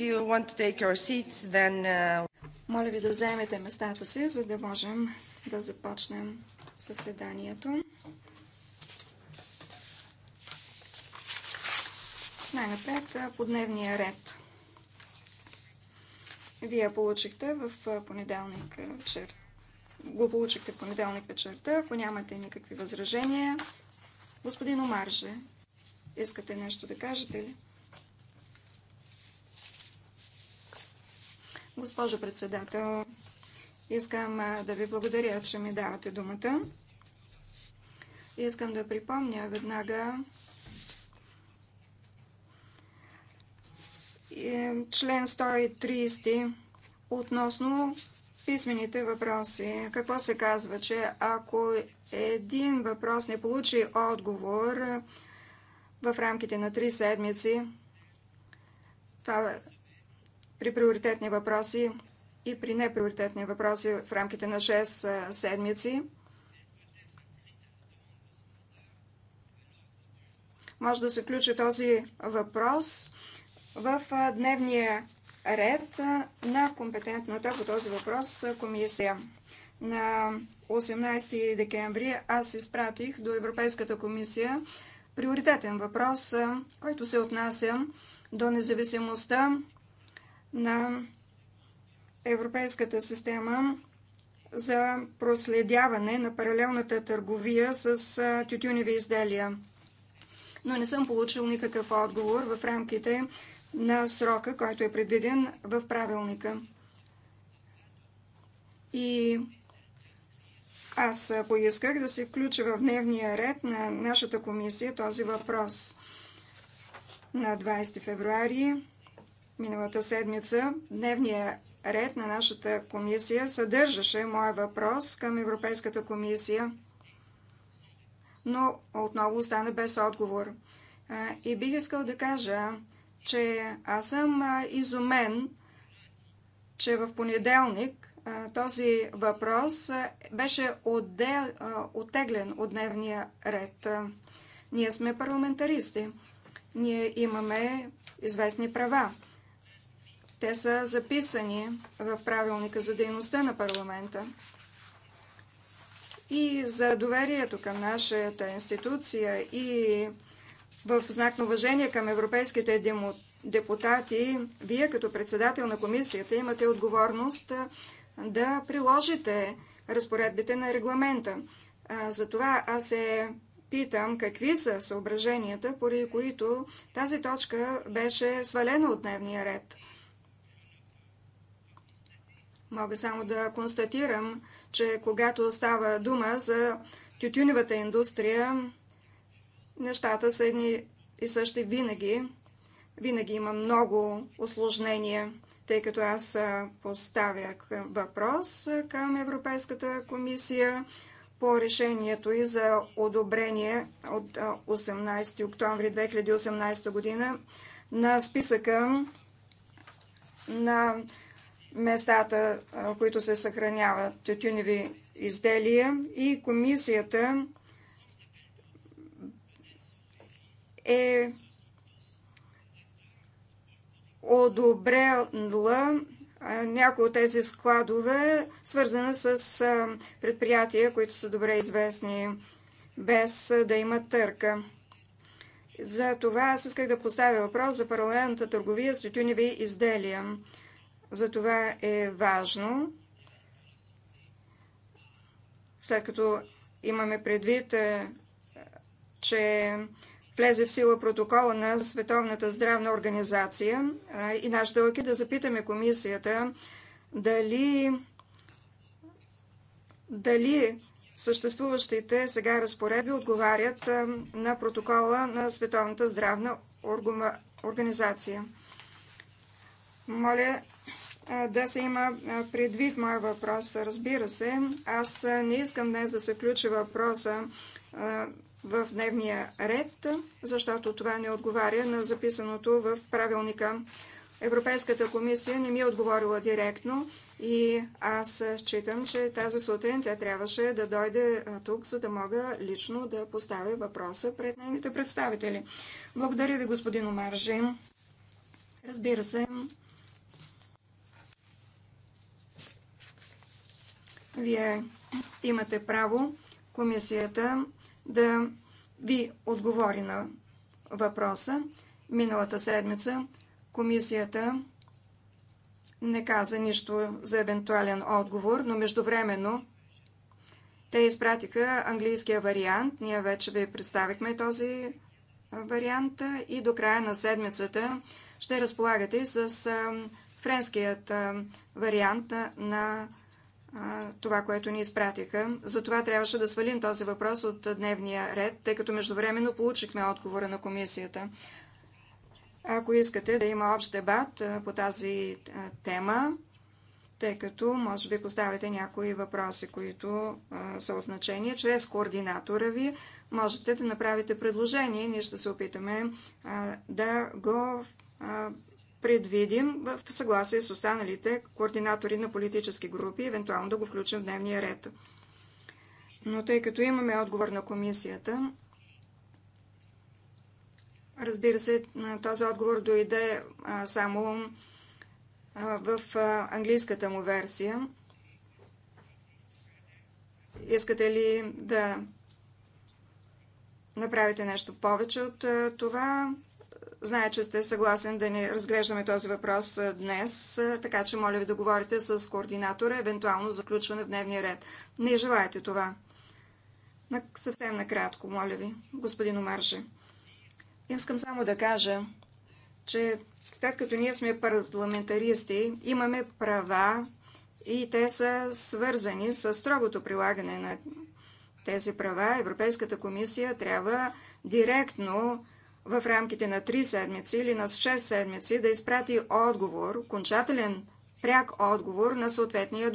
Uh, Моля ви да вземете местата си, за да можем да започнем съседанието. Най-напред по дневния ред. Вие получихте в понеделник вечерта. Го получихте в понеделник вечерта. Ако нямате никакви възражения, господин Омарже, искате нещо да кажете ли? Госпожо председател, искам да ви благодаря, че ми давате думата. Искам да припомня веднага е, член 130 относно писмените въпроси. Какво се казва, че ако един въпрос не получи отговор в рамките на 3 седмици, това при приоритетни въпроси и при неприоритетни въпроси в рамките на 6 седмици. Може да се включи този въпрос в дневния ред на компетентната по този въпрос комисия. На 18 декември аз изпратих до Европейската комисия приоритетен въпрос, който се отнася до независимостта на Европейската система за проследяване на паралелната търговия с тютюневи изделия. Но не съм получил никакъв отговор в рамките на срока, който е предвиден в правилника. И аз поисках да се включа в дневния ред на нашата комисия този въпрос на 20 февруари Миналата седмица дневния ред на нашата комисия съдържаше моя въпрос към Европейската комисия, но отново остана без отговор. И бих искал да кажа, че аз съм изумен, че в понеделник този въпрос беше отдел, оттеглен от дневния ред. Ние сме парламентаристи. Ние имаме известни права. Те са записани в правилника за дейността на парламента. И за доверието към нашата институция и в знак на уважение към европейските депутати, вие като председател на комисията имате отговорност да приложите разпоредбите на регламента. Затова аз се питам какви са съображенията, поради които тази точка беше свалена от дневния ред. Мога само да констатирам, че когато става дума за тютюневата индустрия, нещата са едни и същи винаги. Винаги има много осложнения, тъй като аз поставях въпрос към Европейската комисия по решението и за одобрение от 18 октомври 2018 година на списъка на местата, които се съхраняват тютюневи изделия и комисията е одобрела някои от тези складове, свързана с предприятия, които са добре известни, без да има търка. За това аз исках да поставя въпрос за паралелната търговия с тютюневи изделия. Затова е важно, след като имаме предвид, е, че влезе в сила протокола на Световната здравна организация и наш дълъг е да запитаме комисията дали, дали съществуващите сега разпоредби отговарят е, на протокола на Световната здравна организация. Моля да се има предвид моя въпрос. Разбира се, аз не искам днес да се включи въпроса в дневния ред, защото това не отговаря на записаното в правилника. Европейската комисия не ми е отговорила директно и аз считам, че тази сутрин тя трябваше да дойде тук, за да мога лично да поставя въпроса пред нейните представители. Благодаря ви, господин Омаржи. Разбира се, Вие имате право комисията да ви отговори на въпроса. Миналата седмица комисията не каза нищо за евентуален отговор, но междувременно те изпратиха английския вариант. Ние вече ви представихме този вариант и до края на седмицата ще разполагате с френският вариант на това, което ни изпратиха. Затова трябваше да свалим този въпрос от дневния ред, тъй като междувременно получихме отговора на комисията. Ако искате да има общ дебат по тази тема, тъй като може би поставите някои въпроси, които са означени Чрез координатора ви можете да направите предложение. Ние ще се опитаме да го предвидим в съгласие с останалите координатори на политически групи, евентуално да го включим в дневния ред. Но тъй като имаме отговор на комисията, разбира се, този отговор дойде само в английската му версия. Искате ли да направите нещо повече от това Зная, че сте съгласен да не разглеждаме този въпрос днес, така че моля ви да говорите с координатора, евентуално заключване в дневния ред. Не желаете това. съвсем накратко, моля ви, господин Омарже. Искам само да кажа, че след като ние сме парламентаристи, имаме права и те са свързани с строгото прилагане на тези права. Европейската комисия трябва директно в рамките на 3 седмици или на 6 седмици да изпрати отговор, окончателен пряк отговор на съответния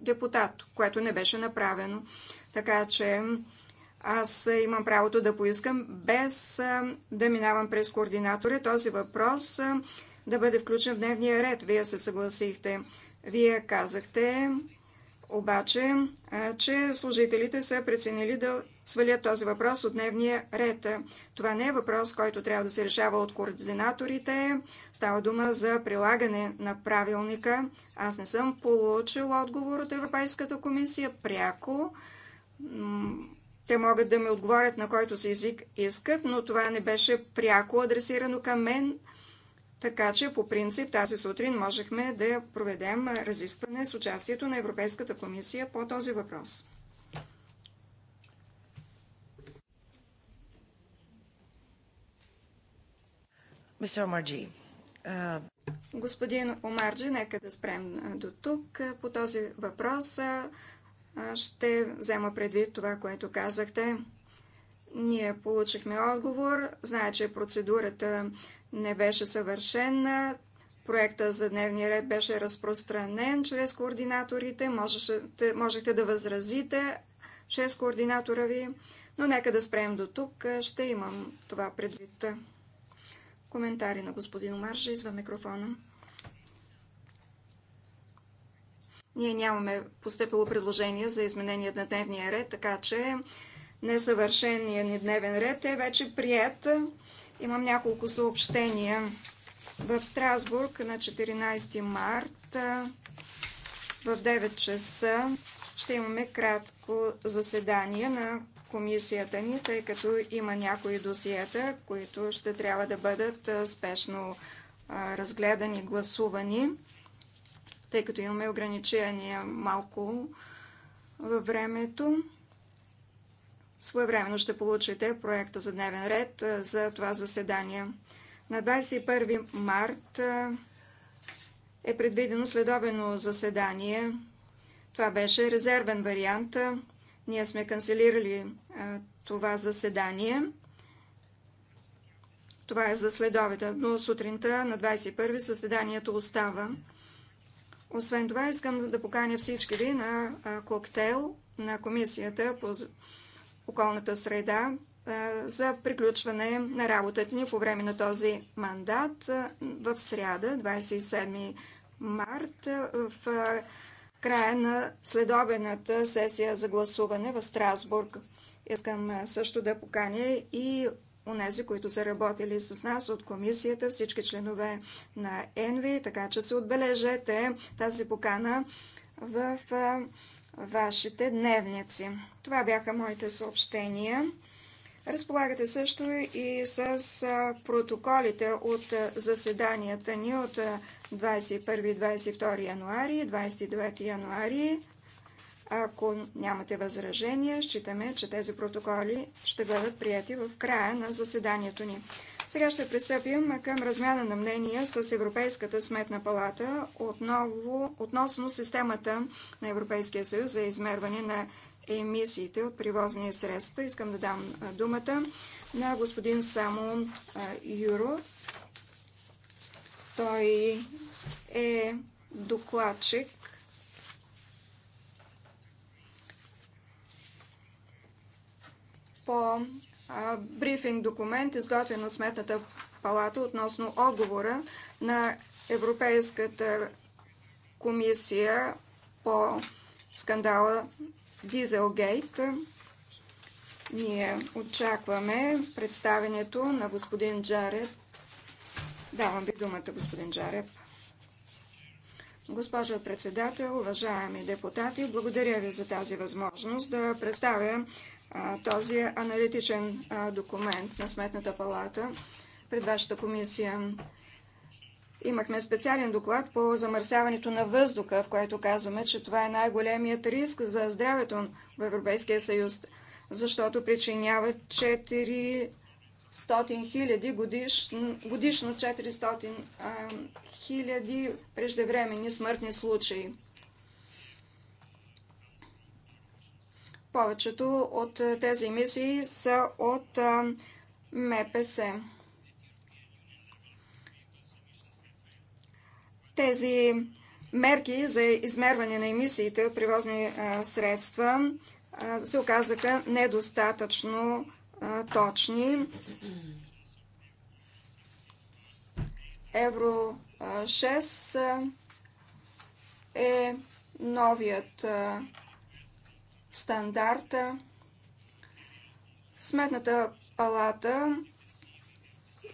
депутат, което не беше направено. Така че аз имам правото да поискам, без да минавам през координатора, този въпрос да бъде включен в дневния ред. Вие се съгласихте. Вие казахте, обаче, че служителите са преценили да свалят този въпрос от дневния ред. Това не е въпрос, който трябва да се решава от координаторите. Става дума за прилагане на правилника. Аз не съм получил отговор от Европейската комисия пряко. Те могат да ми отговорят на който си език искат, но това не беше пряко адресирано към мен – така че по принцип тази сутрин можехме да проведем разискване с участието на Европейската комисия по този въпрос. Господин Омарджи, нека да спрем до тук. По този въпрос ще взема предвид това, което казахте. Ние получихме отговор. Знае, че процедурата не беше съвършена. Проекта за дневния ред беше разпространен чрез координаторите. Можете, можете да възразите чрез координатора ви, но нека да спрем до тук. Ще имам това предвид. Коментари на господин Маржа извън микрофона. Ние нямаме поступило предложение за изменение на дневния ред, така че несъвършения ни дневен ред е вече прият Имам няколко съобщения. В Страсбург на 14 март в 9 часа ще имаме кратко заседание на комисията ни, тъй като има някои досиета, които ще трябва да бъдат спешно разгледани, гласувани, тъй като имаме ограничения малко във времето своевременно ще получите проекта за дневен ред е, за това заседание. На 21 март е, е предвидено следобено заседание. Това беше резервен вариант. Е, ние сме канцелирали това заседание. Това е за следобеда, но сутринта на 21 съседанието остава. Освен това, искам да поканя всички ви на коктейл на Комисията по околната среда за приключване на работата ни по време на този мандат в сряда, 27 март, в края на следобената сесия за гласуване в Страсбург. Искам също да поканя и унези, които са работили с нас от комисията, всички членове на ЕНВИ, така че се отбележете тази покана в вашите дневници. Това бяха моите съобщения. Разполагате също и с протоколите от заседанията ни от 21-22 януари, 29 януари. Ако нямате възражения, считаме, че тези протоколи ще бъдат прияти в края на заседанието ни. Сега ще пристъпим към размяна на мнения с Европейската сметна палата отново, относно системата на Европейския съюз за измерване на емисиите от привозни средства. Искам да дам думата на господин Само Юро. Той е докладчик по брифинг документ, изготвен от Сметната палата относно отговора на Европейската комисия по скандала Дизелгейт. Ние очакваме представенето на господин Джареп, Давам ви думата, господин Джареп. Госпожо председател, уважаеми депутати, благодаря ви за тази възможност да представя този аналитичен документ на Сметната палата пред вашата комисия. Имахме специален доклад по замърсяването на въздуха, в който казваме, че това е най-големият риск за здравето в Европейския съюз, защото причинява 400 хиляди годишно, годишно 400 хиляди преждевременни смъртни случаи. Повечето от е, тези емисии са от е, МПС. Тези мерки за измерване на емисиите от привозни е, средства се оказаха недостатъчно точни. Евро 6 е новият стандарта. Сметната палата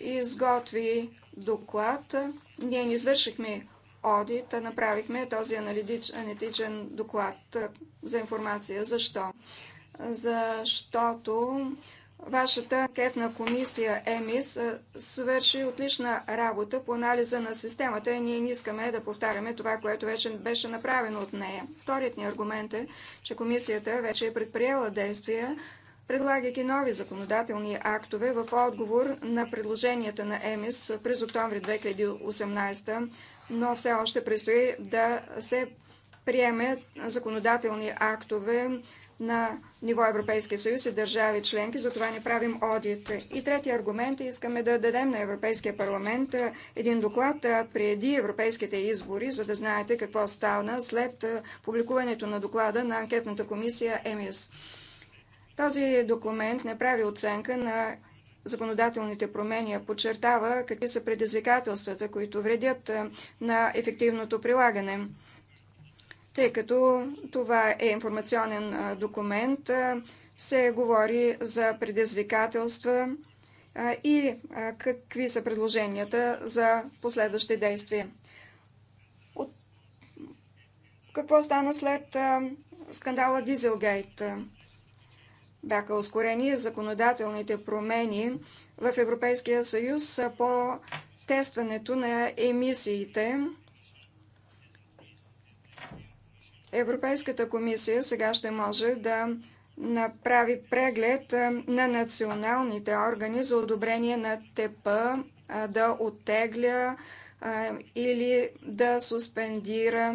изготви доклад. Ние не извършихме одит, а направихме този аналитичен доклад за информация. Защо? Защото Вашата анкетна комисия ЕМИС е, свърши отлична работа по анализа на системата и ние не искаме да повтаряме това, което вече беше направено от нея. Вторият ни аргумент е, че комисията вече е предприела действия, предлагайки нови законодателни актове в отговор на предложенията на ЕМИС през октомври 2018, но все още предстои да се приеме законодателни актове на ниво Европейския съюз и държави членки, затова не правим одит. И третия аргумент е, искаме да дадем на Европейския парламент един доклад преди европейските избори, за да знаете какво стана след публикуването на доклада на анкетната комисия ЕМИС. Този документ не прави оценка на законодателните промени, подчертава какви са предизвикателствата, които вредят на ефективното прилагане тъй като това е информационен документ, се говори за предизвикателства и какви са предложенията за последващи действия. От... Какво стана след скандала Дизелгейт? Бяха ускорени законодателните промени в Европейския съюз по тестването на емисиите Европейската комисия сега ще може да направи преглед на националните органи за одобрение на ТП, да оттегля или да суспендира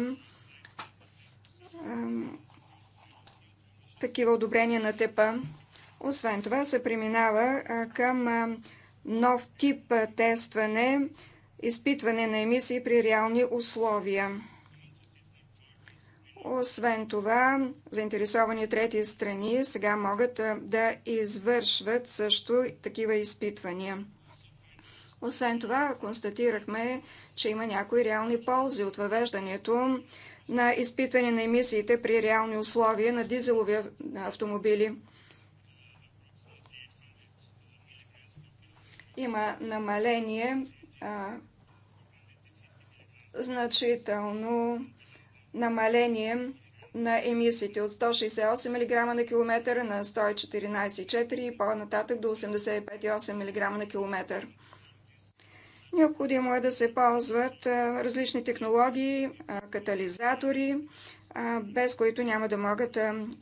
такива одобрения на ТП. Освен това се преминава към нов тип тестване, изпитване на емисии при реални условия. Освен това, заинтересовани трети страни сега могат да извършват също такива изпитвания. Освен това, констатирахме, че има някои реални ползи от въвеждането на изпитване на емисиите при реални условия на дизелови автомобили. Има намаление а, значително намаление на емисиите от 168 мг на километър на 114,4 и по-нататък до 85,8 мг на километър. Необходимо е да се ползват различни технологии, катализатори, без които няма да могат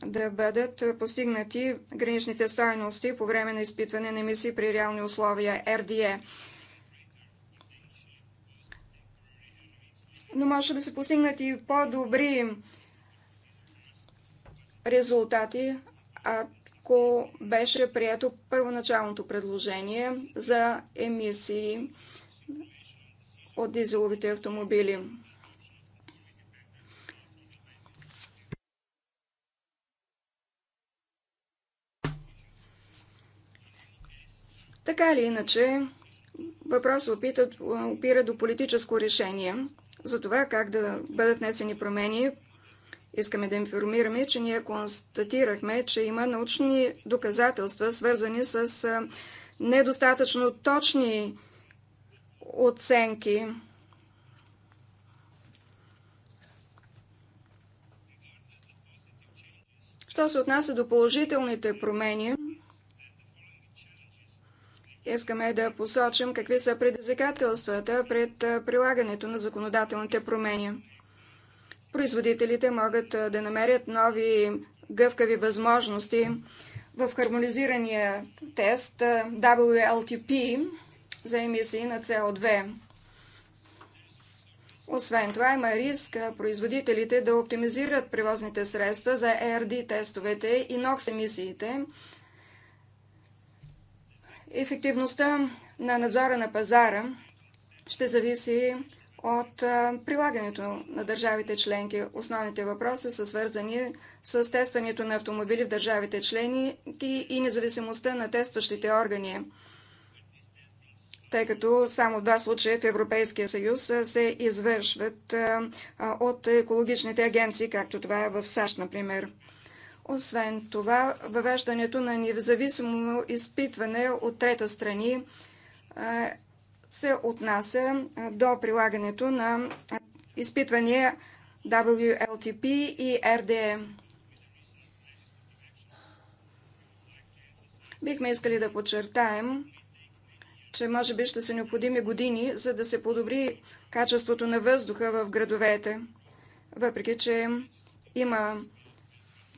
да бъдат постигнати граничните стоености по време на изпитване на емисии при реални условия РДЕ. но може да се постигнат и по-добри резултати, ако беше прието първоначалното предложение за емисии от дизеловите автомобили. Така или иначе, въпросът опира до политическо решение – за това как да бъдат несени промени. Искаме да информираме, че ние констатирахме, че има научни доказателства, свързани с недостатъчно точни оценки. Що се отнася до положителните промени, Искаме да посочим какви са предизвикателствата пред прилагането на законодателните промени. Производителите могат да намерят нови гъвкави възможности в хармонизирания тест WLTP за емисии на CO2. Освен това има риск производителите да оптимизират превозните средства за ERD е тестовете и NOx емисиите, Ефективността на надзора на пазара ще зависи от прилагането на държавите членки. Основните въпроси са свързани с тестването на автомобили в държавите членки и независимостта на тестващите органи, тъй като само два случая в Европейския съюз се извършват от екологичните агенции, както това е в САЩ, например. Освен това, въвеждането на независимо изпитване от трета страни се отнася до прилагането на изпитвания WLTP и RDE. Бихме искали да подчертаем, че може би ще са необходими години, за да се подобри качеството на въздуха в градовете, въпреки че има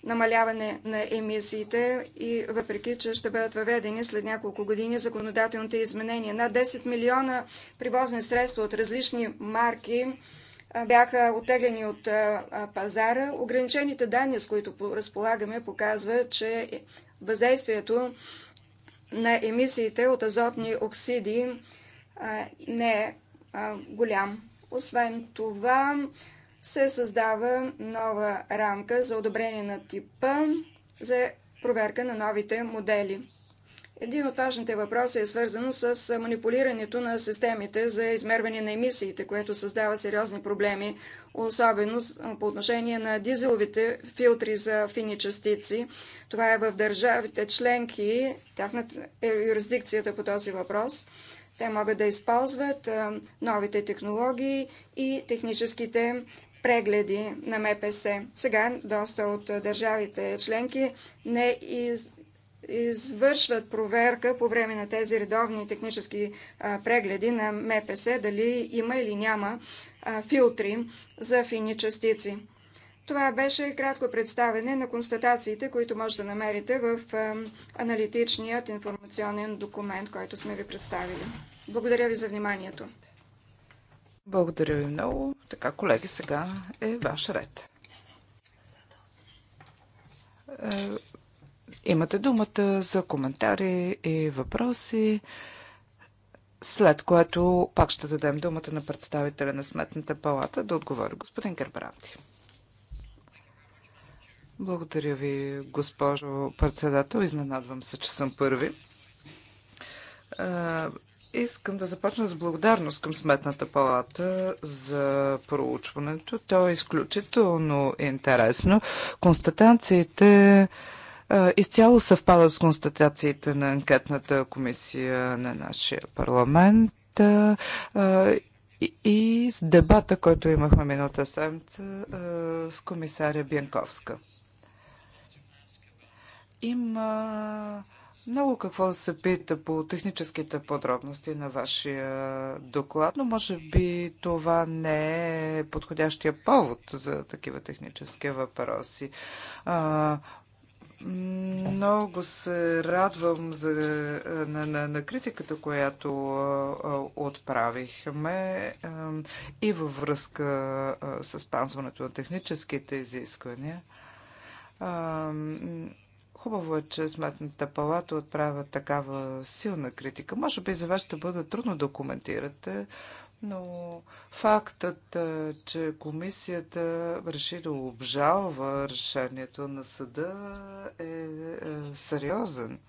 намаляване на емисиите и въпреки, че ще бъдат въведени след няколко години законодателните изменения. Над 10 милиона привозни средства от различни марки бяха отеглени от пазара. Ограничените данни, с които разполагаме, показва, че въздействието на емисиите от азотни оксиди не е голям. Освен това, се създава нова рамка за одобрение на типа за проверка на новите модели. Един от важните въпроси е свързано с манипулирането на системите за измерване на емисиите, което създава сериозни проблеми, особено по отношение на дизеловите филтри за фини частици. Това е в държавите членки, тяхната е юрисдикцията по този въпрос. Те могат да използват новите технологии и техническите прегледи на МПС. Сега доста от държавите членки не из, извършват проверка по време на тези редовни технически а, прегледи на МПС, дали има или няма а, филтри за фини частици. Това беше кратко представене на констатациите, които може да намерите в а, аналитичният информационен документ, който сме ви представили. Благодаря ви за вниманието. Благодаря ви много. Така, колеги, сега е ваш ред. Е, имате думата за коментари и въпроси, след което пак ще дадем думата на представителя на Сметната палата да отговори господин Гербранти. Благодаря ви, госпожо председател. Изненадвам се, че съм първи. Е, Искам да започна с благодарност към Сметната палата за проучването. То е изключително интересно. Констатациите изцяло съвпадат с констатациите на анкетната комисия на нашия парламент и с дебата, който имахме миналата седмица с комисаря Бянковска. Има много какво се пита по техническите подробности на вашия доклад, но може би това не е подходящия повод за такива технически въпроси. А, много се радвам за, на, на, на критиката, която а, отправихме а, и във връзка а, с пазването на техническите изисквания. А, Хубаво е, че Сметната палата отправя такава силна критика. Може би за вас ще бъде трудно да коментирате, но фактът, е, че комисията реши да обжалва решението на съда е, е сериозен.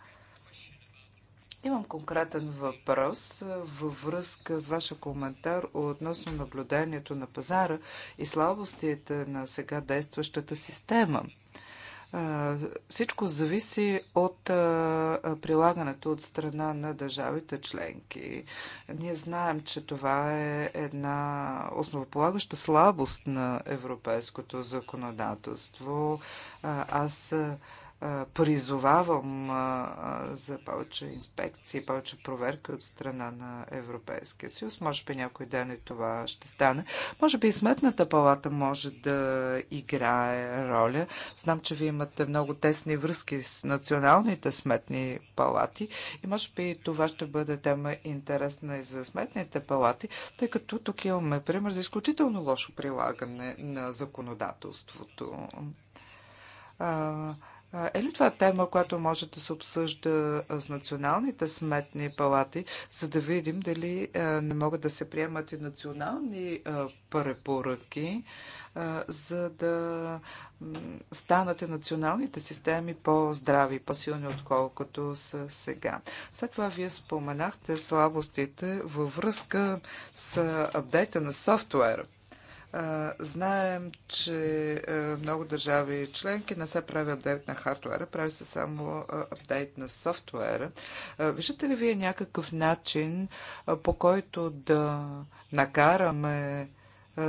Имам конкретен въпрос е, във връзка с вашия коментар относно наблюдението на пазара и слабостите на сега действащата система – всичко зависи от прилагането от страна на държавите членки. Ние знаем, че това е една основополагаща слабост на европейското законодателство. Аз призовавам за повече инспекции, повече проверки от страна на Европейския съюз. Може би някой ден и това ще стане. Може би и Сметната палата може да играе роля. Знам, че вие имате много тесни връзки с националните сметни палати и може би това ще бъде тема интересна и за сметните палати, тъй като тук имаме пример за изключително лошо прилагане на законодателството. Е ли това тема, която може да се обсъжда с националните сметни палати, за да видим дали не могат да се приемат и национални препоръки, за да станат и националните системи по-здрави, по-силни, отколкото са сега. След това вие споменахте слабостите във връзка с апдейта на софтуера. Знаем, че много държави членки не се прави апдейт на хардуера, прави се само апдейт на софтуера. Виждате ли вие някакъв начин, по който да накараме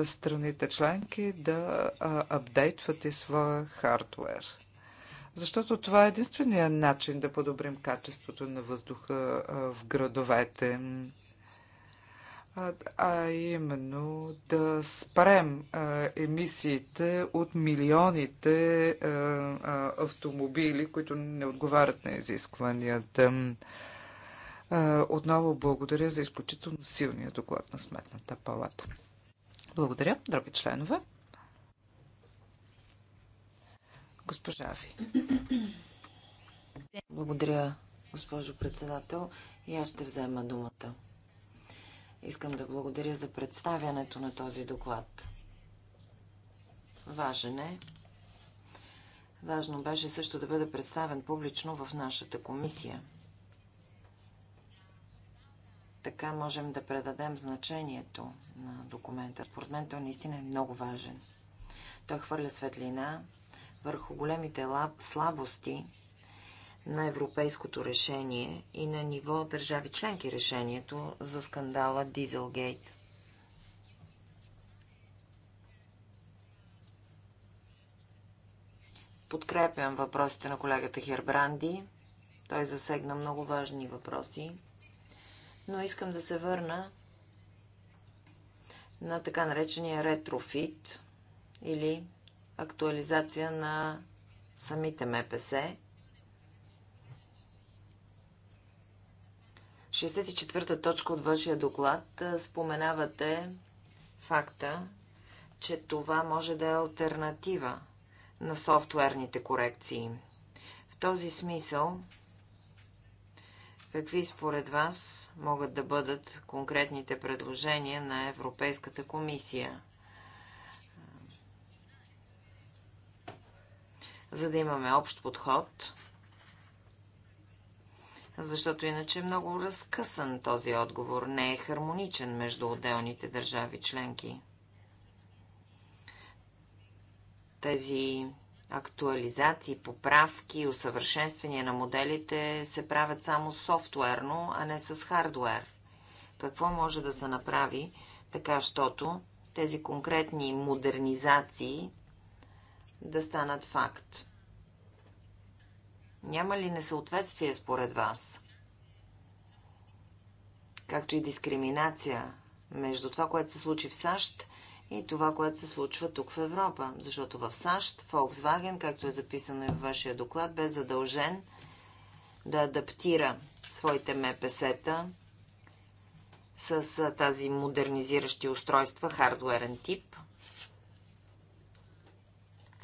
страните членки да апдейтват и своя хардуер? Защото това е единствения начин да подобрим качеството на въздуха в градовете а именно да спрем емисиите от милионите автомобили, които не отговарят на изискванията. Отново благодаря за изключително силния доклад на Сметната палата. Благодаря, други членове. Госпожа Ви. Благодаря, госпожо председател. И аз ще взема думата. Искам да благодаря за представянето на този доклад. Важен е. Важно беше също да бъде представен публично в нашата комисия. Така можем да предадем значението на документа. Според мен той наистина е много важен. Той хвърля светлина върху големите слабости на европейското решение и на ниво държави членки решението за скандала Дизелгейт. Подкрепям въпросите на колегата Хербранди. Той засегна много важни въпроси. Но искам да се върна на така наречения ретрофит или актуализация на самите МПС 64-та точка от вашия доклад споменавате факта, че това може да е альтернатива на софтуерните корекции. В този смисъл, какви според вас могат да бъдат конкретните предложения на Европейската комисия? За да имаме общ подход – защото иначе е много разкъсан този отговор. Не е хармоничен между отделните държави членки. Тези актуализации, поправки, усъвършенствания на моделите се правят само софтуерно, а не с хардуер. Какво може да се направи така, щото тези конкретни модернизации да станат факт? Няма ли несъответствие според вас? Както и дискриминация между това, което се случи в САЩ и това, което се случва тук в Европа. Защото в САЩ Volkswagen, както е записано и в вашия доклад, бе задължен да адаптира своите МПС-та с тази модернизиращи устройства, хардуерен тип.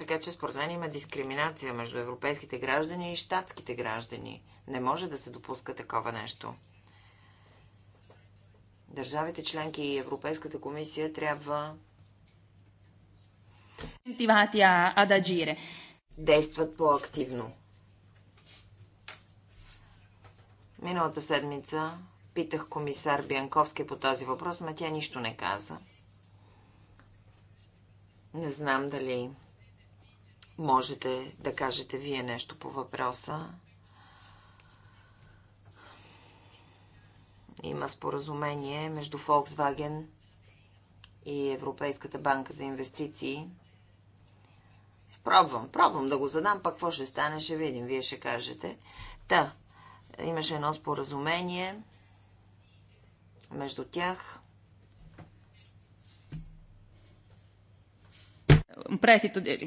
Така че според мен има дискриминация между европейските граждани и щатските граждани. Не може да се допуска такова нещо. Държавите членки и Европейската комисия трябва действат по-активно. Миналата седмица питах комисар Бянковски по този въпрос, но тя нищо не каза. Не знам дали можете да кажете вие нещо по въпроса. Има споразумение между Volkswagen и Европейската банка за инвестиции. Пробвам, пробвам да го задам, пък какво ще стане, ще видим, вие ще кажете. Та, имаше едно споразумение между тях – un prestito, е,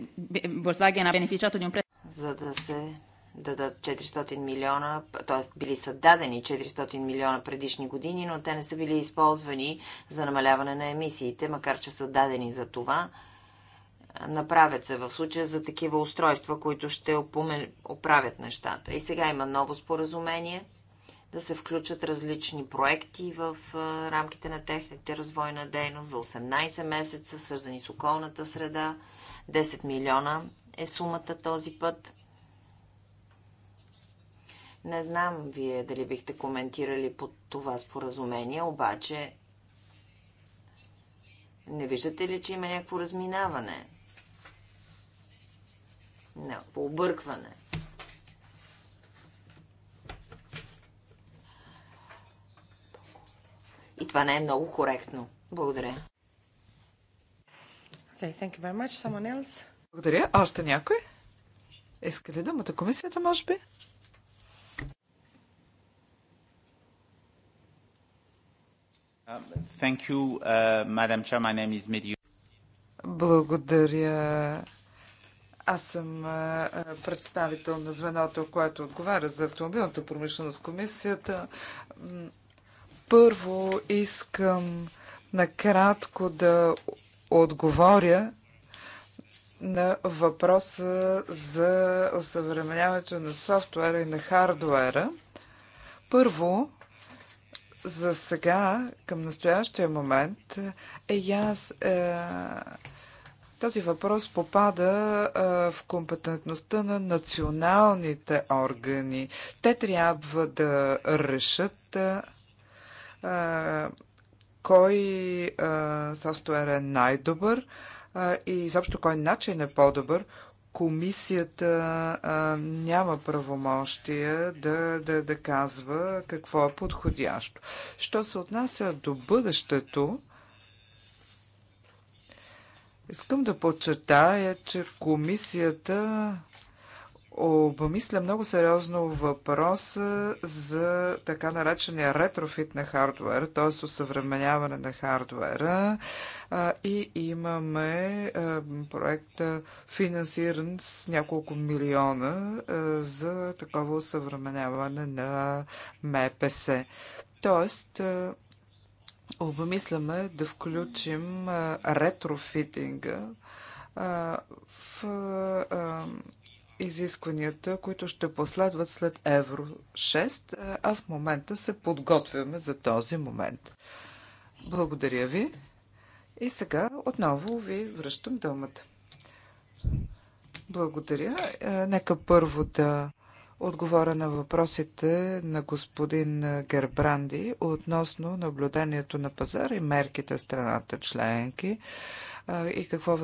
Volkswagen ha beneficiato di un prestito. За да се дадат 400 милиона, т.е. били са дадени 400 милиона предишни години, но те не са били използвани за намаляване на емисиите, макар че са дадени за това. Направят се в случая за такива устройства, които ще оправят нещата. И сега има ново споразумение – да се включат различни проекти в рамките на техните развойна дейност за 18 месеца, свързани с околната среда. 10 милиона е сумата този път. Не знам вие дали бихте коментирали под това споразумение, обаче не виждате ли, че има някакво разминаване? Някакво объркване? И това не е много коректно. Благодаря. Okay, thank you very much. Someone else? Благодаря. Още някой? Иска ли думата комисията, може би? Uh, thank you, uh, Madam Chair. My name is Medyu. Благодаря. Аз съм uh, представител на звеното, което отговаря за автомобилната промишленост комисията. Първо искам накратко да отговоря на въпроса за осъвременяването на софтуера и на хардуера. Първо, за сега, към настоящия момент, е яс, е, този въпрос попада е, в компетентността на националните органи. Те трябва да решат. Е, кой софтуер е най-добър и изобщо кой начин е по-добър, комисията няма правомощия да, да, да казва какво е подходящо. Що се отнася до бъдещето, искам да подчертая, че комисията обмисля много сериозно въпроса за така наречения ретрофит на хардвер, т.е. усъвременяване на хардвера и имаме проекта финансиран с няколко милиона за такова усъвременяване на МПС. Тоест, обмисляме да включим ретрофитинга в изискванията, които ще последват след Евро 6, а в момента се подготвяме за този момент. Благодаря ви. И сега отново ви връщам думата. Благодаря. Е, нека първо да отговоря на въпросите на господин Гербранди относно наблюдението на пазара и мерките в страната членки и какво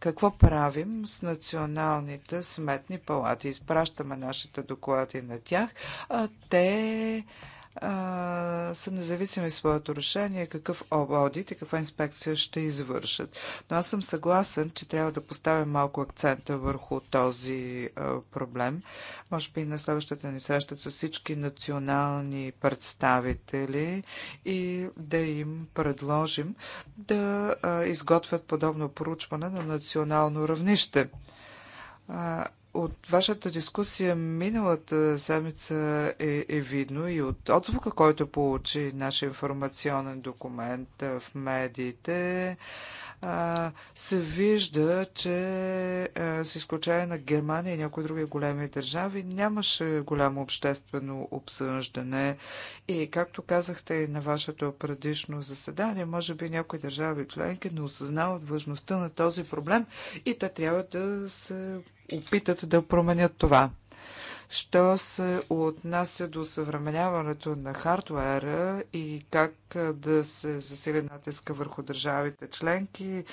какво правим с националните сметни палати. Изпращаме нашите доклади на тях, а те са независими в своето решение какъв одит и каква инспекция ще извършат. Но аз съм съгласен, че трябва да поставим малко акцента върху този проблем. Може би на следващата ни среща с всички национални представители и да им предложим да изготвят подобно проучване на национално равнище от вашата дискусия миналата седмица е, е видно и от отзвука, който получи нашия информационен документ в медиите, се вижда, че с изключение на Германия и някои други големи държави нямаше голямо обществено обсъждане. И както казахте и на вашето предишно заседание, може би някои държави членки не осъзнават важността на този проблем и те трябва да се опитат да променят това. Що се отнася до съвременяването на хардуера и как да се засили натиска върху държавите членки,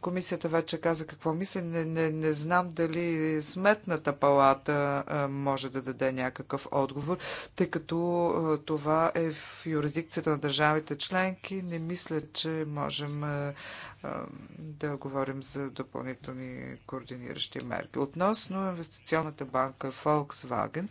Комисията вече каза какво мисля. Не, не, не знам дали сметната палата може да даде някакъв отговор, тъй като това е в юрисдикцията на държавите членки. Не мисля, че можем да говорим за допълнителни координиращи мерки. Относно инвестиционната банка Volkswagen,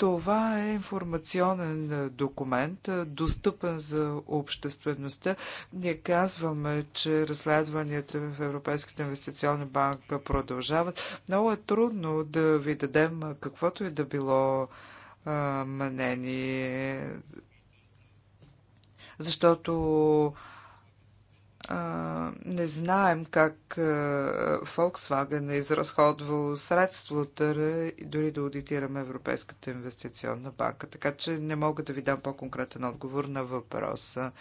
това е информационен е, документ, е, достъпен за обществеността. Ние казваме, че разследванията в Европейската инвестиционна банка продължават. Много е трудно да ви дадем е, каквото и да било мнение, защото не знаем как Volkswagen е изразходвал средствата и дори да аудитираме Европейската инвестиционна банка. Така че не мога да ви дам по-конкретен отговор на въпроса.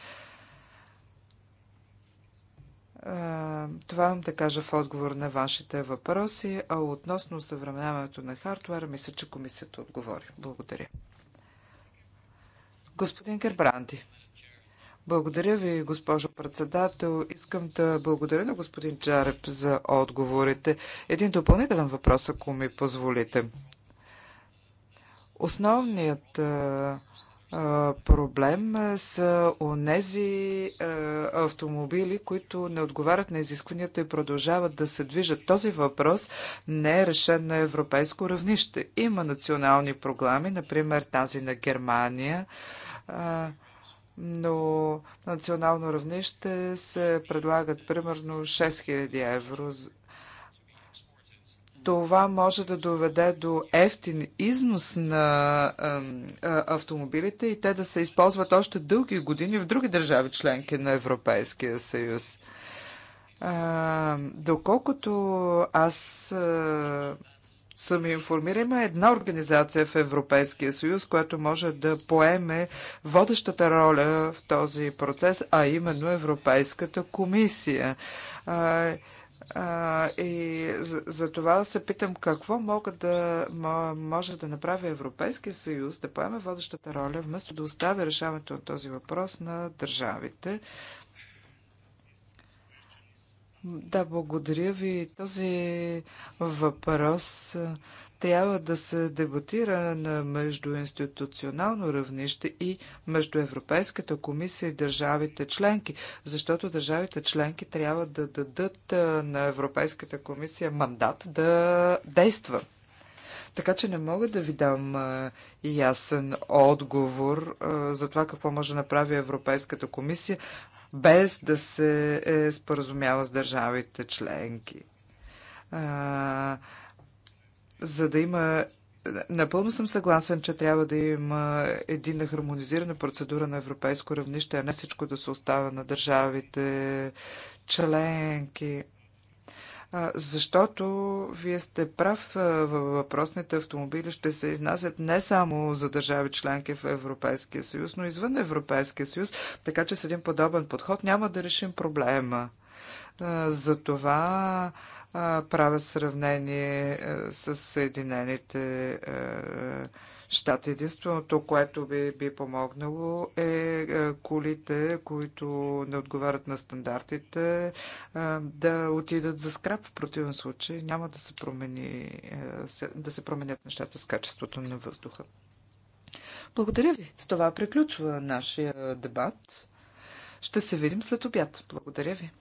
Това имам да кажа в отговор на вашите въпроси, а относно съвременяването на хардуера, мисля, че комисията отговори. Благодаря. Господин Гербранди. Благодаря ви, госпожо председател. Искам да благодаря на господин Джареб за отговорите. Един допълнителен въпрос, ако ми позволите. Основният проблем са онези автомобили, които не отговарят на изискванията и продължават да се движат. Този въпрос не е решен на европейско равнище. Има национални програми, например тази на Германия но на национално равнище се предлагат примерно 6000 евро. Това може да доведе до ефтин износ на автомобилите и те да се използват още дълги години в други държави членки на Европейския съюз. доколкото аз съм информирана, има една организация в Европейския съюз, която може да поеме водещата роля в този процес, а именно Европейската комисия. А, а, и за, за това се питам какво мога да, може да направи Европейския съюз да поеме водещата роля, вместо да остави решаването на този въпрос на държавите да, благодаря ви. Този въпрос трябва да се дебатира на междуинституционално равнище и между Европейската комисия и държавите членки, защото държавите членки трябва да дадат на Европейската комисия мандат да действа. Така че не мога да ви дам ясен отговор за това какво може да направи Европейската комисия без да се е споразумява с държавите членки. А, за да има Напълно съм съгласен, че трябва да има единна хармонизирана процедура на европейско равнище, а не всичко да се остава на държавите членки защото вие сте прав, въпросните автомобили ще се изнасят не само за държави членки в Европейския съюз, но извън Европейския съюз, така че с един подобен подход няма да решим проблема. За това правя сравнение с Съединените щат. Единственото, което би, би помогнало е, е колите, които не отговарят на стандартите, е, да отидат за скрап. В противен случай няма да се, промени, е, да се променят нещата с качеството на въздуха. Благодаря ви. С това приключва нашия дебат. Ще се видим след обяд. Благодаря ви.